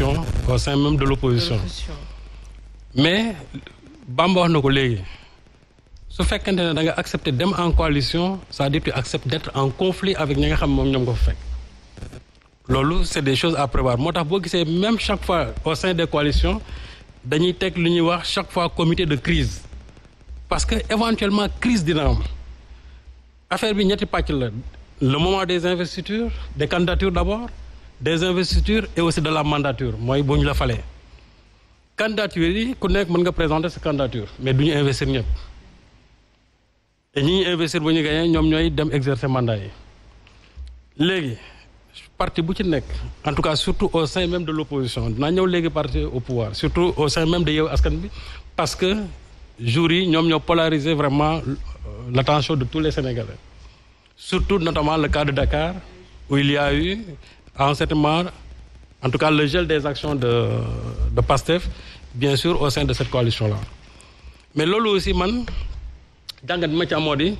question au sein même de mais Bamba wax na ko léegi su fekkante ne da nga accepter dem en coalition c'est-à-dire tu d'être en conflit avec ñi nga xam moom ñoom nga fa fekk loolu c'est des choses à prévoir moo tax boo gisee même chaque fois au sein de coalitions dañuy teg li ñuy wax chaque fois comité de crise parce que éventuellement crise dina am affaire bi ñetti pàcc la le moment des investitures des candidatures d'abord des investitures et aussi de la mandature mooy bu ñu la falee candidature yi ku nekk mën nga présenter sa candidature mais du ñu investir ñëpp te ñi ñuy investir bu ñu gañee ñoom ñooy dem exercer mandat yi léegi parti bu ci nekk en tout cas surtout au sein même de l'opposition dina ñëw léegi parti au pouvoir surtout au sein même de Yewwi Askan Wi parce que jour yi ñoom ñoo polariser vraiment euh, l'attention de tous les Sénégalais surtout notamment le cas de y à un certain en tout cas le gel des actions de, de PASTEF, bien sur au sein de cette coalition la Mais lolo aussi, man, ma ci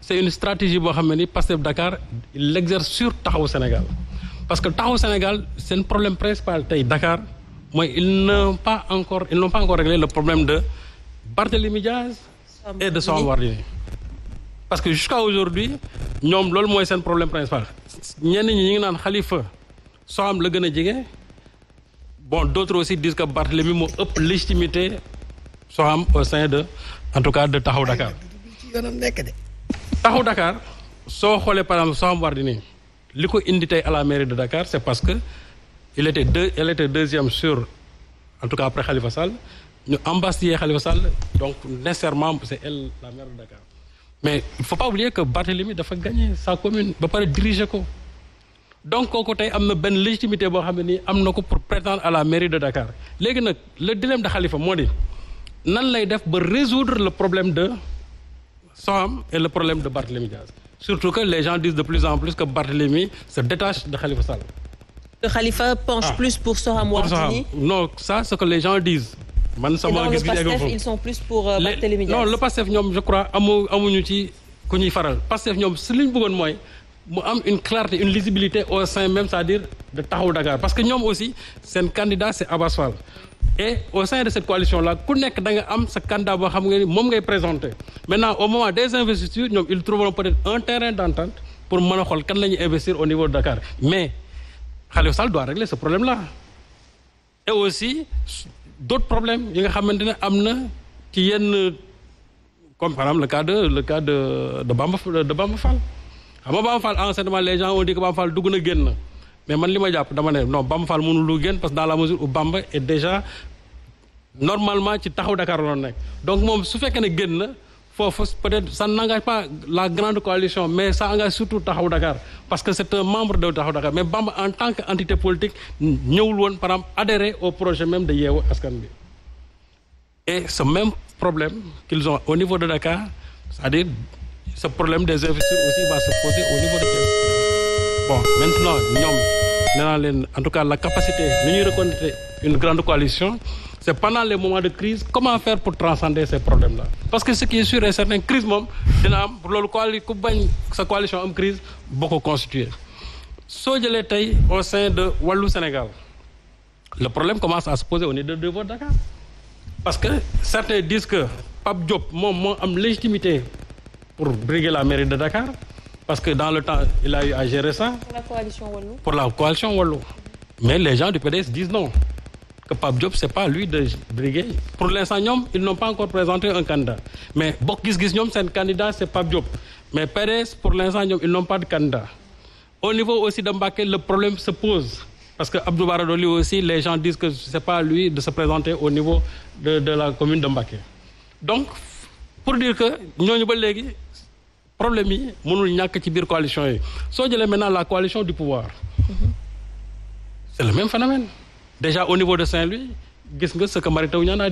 c'est une stratégie que PASTEF Dakar l'exerce sur Tahoe Sénégal. Parce que Tahoe Sénégal, seen le problème principal de Dakar. Moi, ils n'ont pas, encore, ils pas encore réglé le problème de Barthélémy Diaz et de son Wardini. Parce que jusqu'à aujourd'hui, loolu mooy seen problème principal. Nous avons Khalifa. Soham la gën a jege bon d'autres aussi disent que Barthélemy moo ëpp légitimité Soham au sein de en tout cas de taxaw Dakar. Taxawu Dakar soo xoolee par exemple Soham Wardini li ko indi tey à la mairie de Dakar c'est parce que il était deux il était deuxième sur en tout cas après Khalifa Sall ñu embastillé Khalifa Sall donc nécessairement c'est elle la maire de Dakar mais il faut pas oublier que dafa gagné sa commune ba pare diriger ko. donc kooku tey am na benn légitimité boo xam ne nii am na ko pour prétendre à la mairie de Dakar léegi nag le dilemme de Khalifa moo di nan lay def ba résoudre le problème de Soham et le problème de Barthélémy Diaz surtout que les gens disent de plus en plus que Barthélémy se détache de Khalifa Sall. que Khalifa penche ah, plus pour Soham Wardini. non ça ce que les gens disent. man sama gis-gis et ils sont plus pour euh, Barthélémy Diaz. non le PASTEF ñoom je crois amu amuñu ci ku ñuy faral PASTEF ñoom si li ñu bëggoon mooy. mu am une clarté une lisibilité au sein même c'est-à-dire de Taxawu Dakar parce que ñoom aussi seen candidat c'est Abass Fall et au sein de cette coalition là ku nekk da nga am sa candidat boo xam nga ni moom ngay présenter maintenant au moment des investitures ñoom ils trouveront peut-être un terrain d'entente pour mën a xool kan la ñuy investir au niveau de Dakar mais xale Sall doit régler ce problème là et aussi d'autres problèmes yi nga xamante ne am na ci yenn comme par exemple le cas de le cas de de Bamba de Bamba xam nga Bamba Fall anciennement les gens ont dit dugg na génn na mais man li ma jàpp dama ne non Bamba Fall mënul lu génn parce que dans la mesure où Bamba est déjà normalement ci taxaw Dakar la doon nekk donc moom su fekkee ne génn na foofu peut-être ça n'engage pas la grande coalition mais ça engage surtout taxaw Dakar parce que c'est un membre de taxaw Dakar mais Bamba en tant que entité politique ñëwul woon par exemple adhérer au projet même de yeewu askan bi et même problème qu'ils ont au de Dakar cest ce problème des investisseurs aussi va se poser au niveau de Thiès bon maintenant ñoom nee naa leen en tout cas la capacité nu ñuy reconnaître une grande coalition c'est pendant les moments de crise comment faire pour transcender ces problèmes là parce que ce qui est sûr et certain crise moom dina am loolu coali ku bañ sa coalition am crise boo ko constituer soo jëlee tey au sein de wàllu Sénégal le problème commence à se poser au niveau de parce que certains disent que Pape Diop moom moo am légitimité pour briguer la mairie de Dakar parce que dans le temps il a eu à gérer ça. pour la coalition Wallu. pour la coalition Wallu. mais les gens du PDS disent non que Pape Diop c'est pas lui de briguer pour l'instant ñoom ils n'ont pas encore présenté un candidat mais Bokk Gis Gis ñoom seen candidat c'est Pape Diop mais PDS pour l'instant ñoom ils n'ont pas de candidat au niveau aussi de Mbacké le problème se pose parce que Abdou Bara Dolly aussi les gens disent que c'est pas lui de se présenter au niveau de la commune de Mbacké problème yi mënul ñàkk ci biir coalition yi soo jëlee maintenant la coalition du pouvoir c'est le même phénomène déjà au niveau de Saint-Louis gis nga sa que Mary Teuw Niane a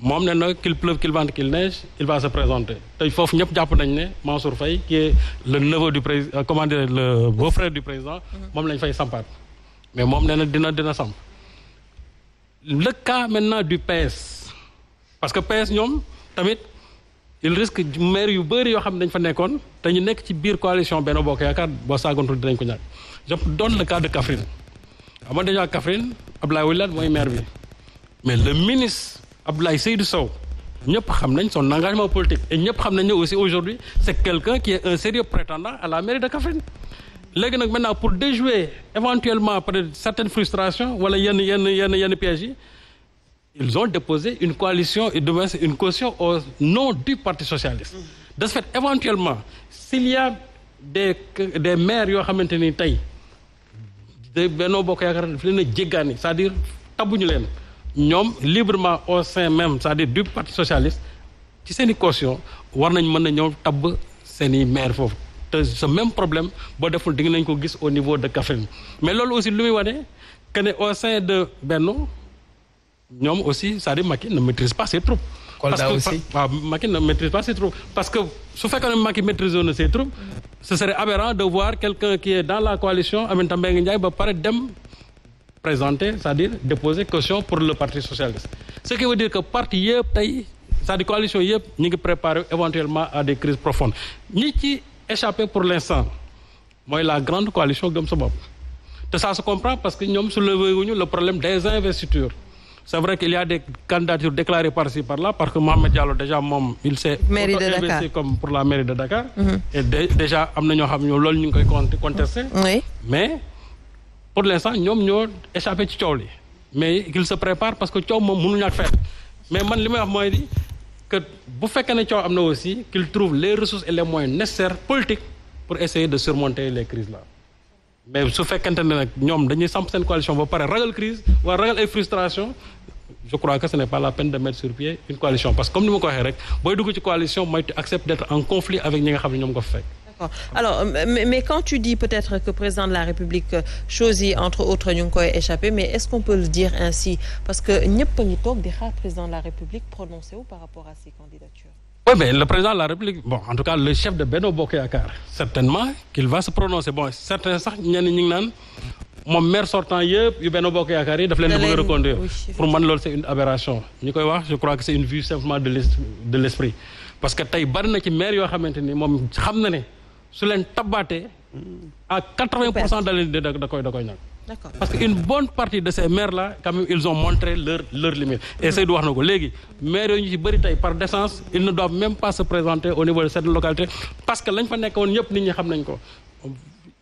moom ne na qu'il pleuve qu'il vente qu'il neige il va se présenter tey foofu ñëpp jàpp nañ ne Mansour Faye qui est le neveu du président euh, comment dire le beau-frère moom lañ fay sampaat mais moom ne dina dina samp le cas maintenant du PS parce que PS ñoom tamit il risque maire yu bëri yoo xam ne dañ fa nekkoon te ñu nekk ci biir coalition Benno Bokk Yaakaar boo saagantul dinañ ko ñàkk je donne le cas de Kaffrine xam nga déjà Kaffrine Abdoulaye Wilane mooy maire bi mais le ministre Abdoulaye Seydou Sow ñëpp xam nañ son engagement politique et ñëpp xam nañ ne aussi aujourd'hui c'est quelqu'un qui est un sérieux prétendant à la mairie de Kaffrine léegi nag maintenant pour déjouer éventuellement peut-être certaines frustrations wala yenn yenn yenn yenn pièges yi ils ont déposé une coalition, une caution au nom du Parti socialiste. De ce fait, éventuellement, s'il y a des, des maires qui ont été taille, des Beno Bokoyakar, c'est-à-dire leen ñoom librement au sein même c'est-à-dire du Parti socialiste ci seen i caution war nañ mën a ñëw tabb seen i maire foofu te ce même problème boo deful di nañ ko gis au niveau de Kaffrine mais loolu aussi lu muy wane que ne au sein de Benno ñoom aussi c'est-à-dire Macky ne maîtrise pas ses troupes. Kolda aussi waaw parce que su fekkee ne Macky maîtrise na ses troupes. ce serait aberrant de voir quelqu'un qui est dans la coalition Aminata Mbengue Ndiaye ba pare dem présenter c'est-à-dire déposer caution pour le parti socialiste ce qui veut dire que parti yëpp tey c'est-à-dire coalition yëpp ñu ngi préparer éventuellement à des crises profondes ñi ci échappé pour l'instant mooy la grande coalition gëm sa bopp te ça se parce que ñoom soulevé wuñu le problème des investitures c'est vrai qu'il y a des candidatures déclarées par-ci par-là parce que Mohamed Diallo déjà moom il s'est investi comme pour la mairie de Dakar mm-hmm. et déjà am na ñoo xam ñoo loolu ñu ngi koy contester oui. mais pour l'instant ñoom ñoo échappé ci coow li mais qu'il se prépare parce que coow moom mënu ñàkk feet mais man li may wax mooy di bu fekkee ne coow am na aussi qu'il trouve les ressources et les moyens nécessaires politiques pour essayer de surmonter les crises mais su fekkente ne nag ñoom dañuy pare ragal crise waa ragal ay frustration je crois que ce n'est pas la peine de mettre sur pied une coalition parce que comme ni ma ko booy dugg ci coalition mooy tu acceptes d'être en conflit avec ñi xam ne ñoom fekk alors quand tu dis peut-être que président de la République choses entre autres ñu ngi échappé mais est-ce qu'on peut le dire ainsi parce que ñëpp a ngi toog di xaar président de la République prononcé wu Oui, mais le président de la République, bon, en tout cas, le chef de Benno Bokk Yaakaar, certainement qu'il va se prononcer. Bon, certains sax ñenn ñu naan moom maire sortant yëpp yu Benno Bokk Yaakaar yi daf leen di bëgg a reconduire. pour man loolu c'est une aberration. ñu koy wax je crois que c'est une vue simplement de l'esprit. parce que tey bari na ci maire yoo xamante ni moom xam na ne su leen tabaatee. à 80 pour cent da koy da koy ñàkk. D'accord. parce que une bonne partie de ces maires là quand même ils ont montré leur leur limite et Seydou wax na ko léegi maires yooyu ñu ci bëri tey par décence ils ne doivent même pas se présenter au niveau de cette localité parce que lañ fa nekkoon ñëpp nit ñi xam nañ ko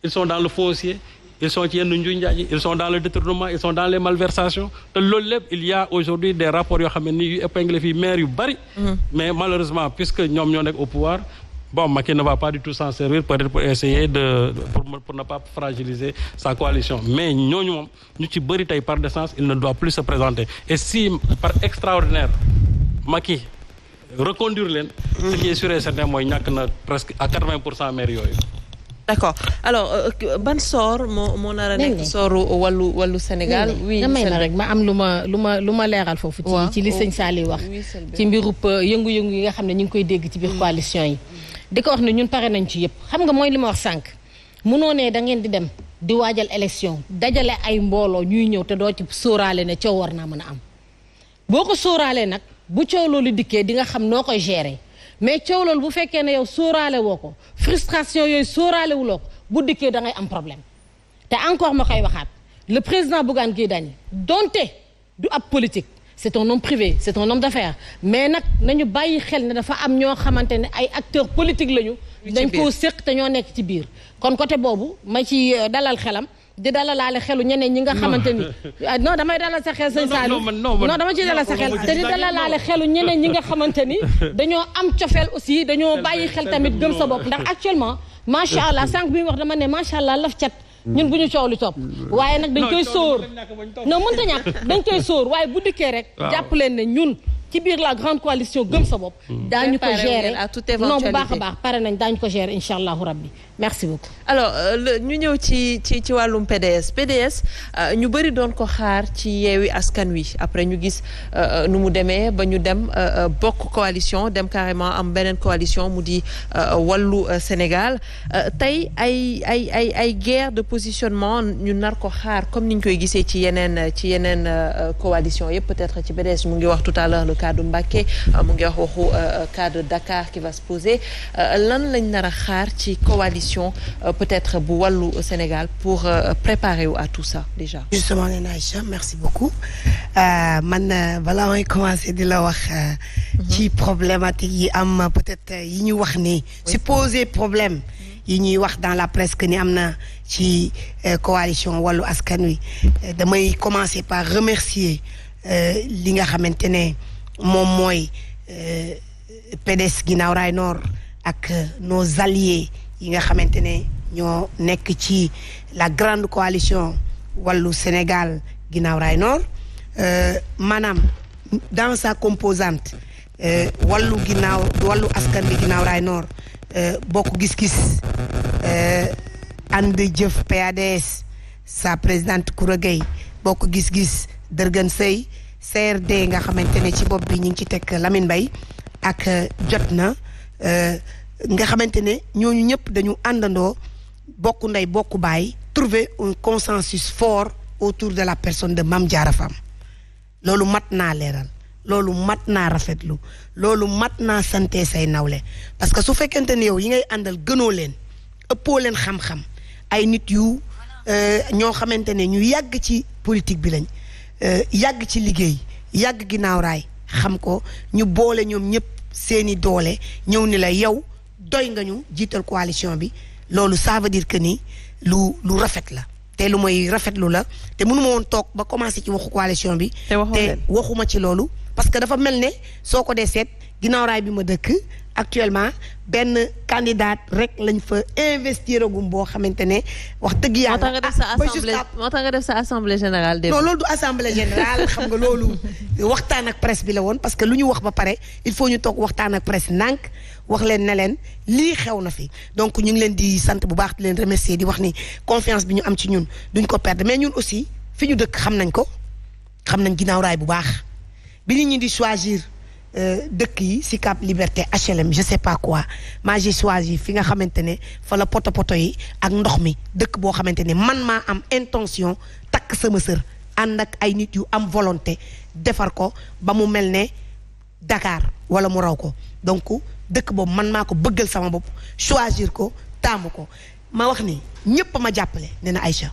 ils sont dans le foncier ils sont ci yenn njuñ njaaj ils sont dans le détournement ils sont dans les malversations te loolu lépp il y a aujourd'hui des rapports yoo xam ne ni yu épinglé fii maires yu bëri mm-hmm. ñoom ñoo bon, Macky ne va pas du tout s'en servir pour essayer de pour, pour ne pas fragiliser sa coalition mais ñooñu moom ñu ci bëri tey par décence il ne doit plus se présenter et si par extraordinaire Macky reconduire leen ce qui est mooy ñàkk na presque à 80 pour cent maire yooyu d'accord alors euh, ban sor moo moo nar a nekk sooru wàllu wàllu Sénégal oui damay na rek ma am lu ma lu ma lu ma leeral foofu ci ci li sëñ oh. Saliou wax ci mbirub euh, yëngu-yëngu yi nga xam ne ñu ngi koy dégg ci biir mm. coalition yi mm. di ko wax ne ñun pare nañ ci yëpp xam nga mooy li ma wax sànq munoo ne da ngeen di dem di waajal élection dajale ay mbooloo ñuy ñëw te doo ci sóoraale ne coow war naa mën a am boo ko sooraalee nag bu coow loolu dikkee di nga xam noo koy gérer mais coow loolu bu fekkee ne yow sóoraale woo ko frustration yooyu sóoraale ko bu dikkee da ngay am problème te encore ma koy waxaat le président Bougane Gueye Dany donte du ab politique. c'est un homme privé c'est un homme d'affaires mais nag nañu bàyyi xel ne dafa am ñoo xamante ne ay acteurs politiques lañu. dañ koo séq te ñoo nekk ci biir. kon côté boobu ma ci euh, dalal xelam di dalalaale xelu ñeneen ñi nga xamante ni. Ah, non damay dalal sa xel. sëñ Saalum non dama ci dalal sa xel te di dalalaale xelu ñeneen ñi nga xamante ni dañoo am cofeel aussi dañoo bàyyi xel tamit gëm sa bopp ndax actuellement macha allah sànq bi wax dama ne macha allah laf cat. ñun bu ñu coow li topp waaye nag dañ koy sóor non mënta ñàkk dañ koy sóor waaye bu dikkee rek jàpp leen ne ñun ci biir la grande coalition gëm sa bopp mm. ñu ko gérer non bu baax a baax pare nañ daañu ko gérer incha allahu rabbi merci beaucoup. alors euh, ñu ñëw ci ci ci wàllum PDS PDS euh, ñu bëri doon ko xaar ci yeewi askan wi après ñu gis euh, nu mu demee ba ñu dem bokk coalition dem carrément am beneen coalition mu di wallu Sénégal tey ay ay ay ay guerre de positionnement ñu nar ko xaar comme ni ñu koy gisee ci yeneen ci yeneen coalition yëpp peut-être ci PDS mu ngi wax tout à l'heure le cas de mu ngi wax waxu cas de Dakar qui va se poser lan lañ nar xaar ci coalition. position euh, peut-être bu wàllu Sénégal pour euh, préparer wu à tout ça déjà. justement nee naa Aïcha merci beaucoup euh, man balaa may commencé di la wax. Mhm. ci problème problématique yi am peut-être yi ñu wax ni supposé problème. yi ñuy wax dans la presque ni am na ci coalition wàllu askan wi damay commencé par remercier li nga xamante ne moom mooy PDS ginnaaw raay Nord ak nos alliés yi nga xamante ne ñoo nekk ci la grande coalition wàllu Sénégal ginnaaw raay noor euh, maanaam dans sa composante euh, wàllu ginnaaw wàllu askan bi ginaaw raay noor euh, bokk gis-gis ànd jëf PADS sa présidente Koura Gueye bokk gis-gis dërgën sëy CRD nga xamante ne ci bopp bi ñu ngi ci teg Lamine Bay ak jot na nga xamante ne ñooñu ñëpp dañu àndandoo bokk ndey bokk baay trouver un consensus fort autour de la personne de mam Diarra Fam loolu mat naa leeral loolu mat naa rafetlu loolu mat naa sante say nawle parce que su fekkente ni yow yi ngay àndal gënoo leen ëppoo leen xam-xam ay nit yu euh, ñoo xamante ne ñu yàgg ci politique bi lañ euh, yàgg ci liggéey yàgg ginnaaw raay xam ko ñu boole ñoom ñëpp seeni doole ñëw ni la yow doy nga ñu jiital coalition bi loolu ça veut que ni lu lu rafet la te lu may rafetlu la te mënuma woon toog ba commencé ci waxu coalition bi. te waxuma ci loolu. parce que dafa mel ne soo ko dee seet ginnaaw raay bi ma dëkk actuellement benn candidat rek lañ fa investir agum boo xamante ne wax dëgg yàlla. Ah, ba juste moo tax nga def sa assemblée générale. non loolu du assemblée générale xam nga loolu waxtaan ak presse bi la woon parce que lu ñu wax ba pare il faut ñu toog waxtaan ak presse ndànk wax leen na leen lii xew na fi donc ñu ngi leen di sant bu baax di leen remercier di wax ni confiance bi ñu am ci ñun duñ ko perdre mais ñun aussi fi ñu dëkk xam nañ ko xam nañ ginnaaw raay bu baax Euh, dëkk yi Sicap Liberté HLM je sais pas quoi maa j'ai fi nga xamante ne fa la poto poto yi ak ndox mi dëkk boo xamante ne man maa am intention takk sama sër ànd ak ay nit yu am volonté defar ko ba mu mel ne dakaar wala mu raw ko donc dëkk boobu man maa ko bëggal sama bopp choisir ko taamu ko ma wax ni ñépp ma jàppale ne na ay Aïcha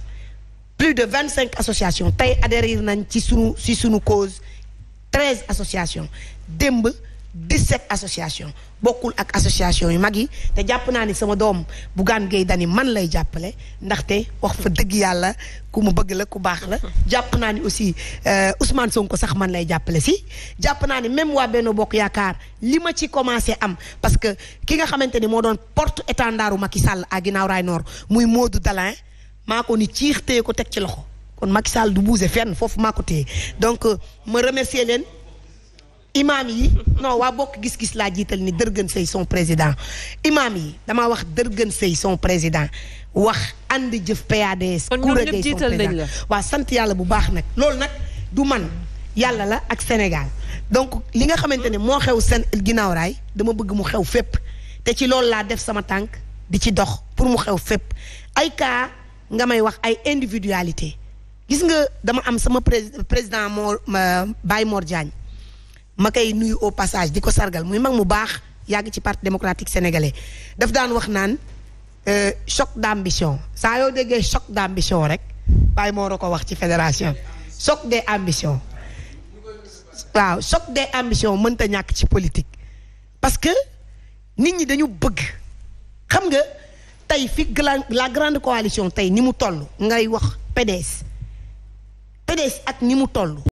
plus de vingt cinq associations tey adhérir nañ ci sunu ci sunu cause treize associations démb 17 association bokkul ak association yu mag yi te jàpp naa ni sama doom Bougane Gueye Dany man lay jàppale ndaxte wax fa dëgg yàlla ku mu bëgg la ku baax la jàpp naa ni aussi euh, Ousmane Sonko sax man lay jàppale si jàpp naa ni même waa benn Bokk Yaakaar li ma ci commencé am parce que ki nga xamante ni moo doon porte étendardu Macky Sall ak ginnaaw Rail muy Modou Dalin maa ko ni ciix téye ko teg ci loxo kon Macky du bougé fenn foofu maa ko imaam yi non waa bokk gis-gis laa jiital ni dërgën sëy son président imaam yi damaa wax dërgën sëy son président wax ànd jëf PADS kuréel gay son waa sant yàlla bu baax nag loolu nag du man yàlla la ak Sénégal donc li nga xamante ne moo xew seen ginnaaw dama bëgg mu xew fépp te ci loolu laa def sama tànk di ci dox pour mu xew fépp ay cas nga may wax ay individualité gis nga dama am sama président moo Baye Mor Diagne ma koy nuyu au passage di ko sargal muy mag mu baax yàgg ci parti démocratique sénégalais daf daan wax naan euh, choc d'ambition saa yoo déggee choc d'ambition rek bàyyi moo ko wax ci fédération choc des ambitions waaw choc des ambitions mënta ñàkk ci politique parce que nit ñi dañu bëgg xam nga tey fi la grande coalition tey ni mu toll ngay wax PDS PDS ak ni mu toll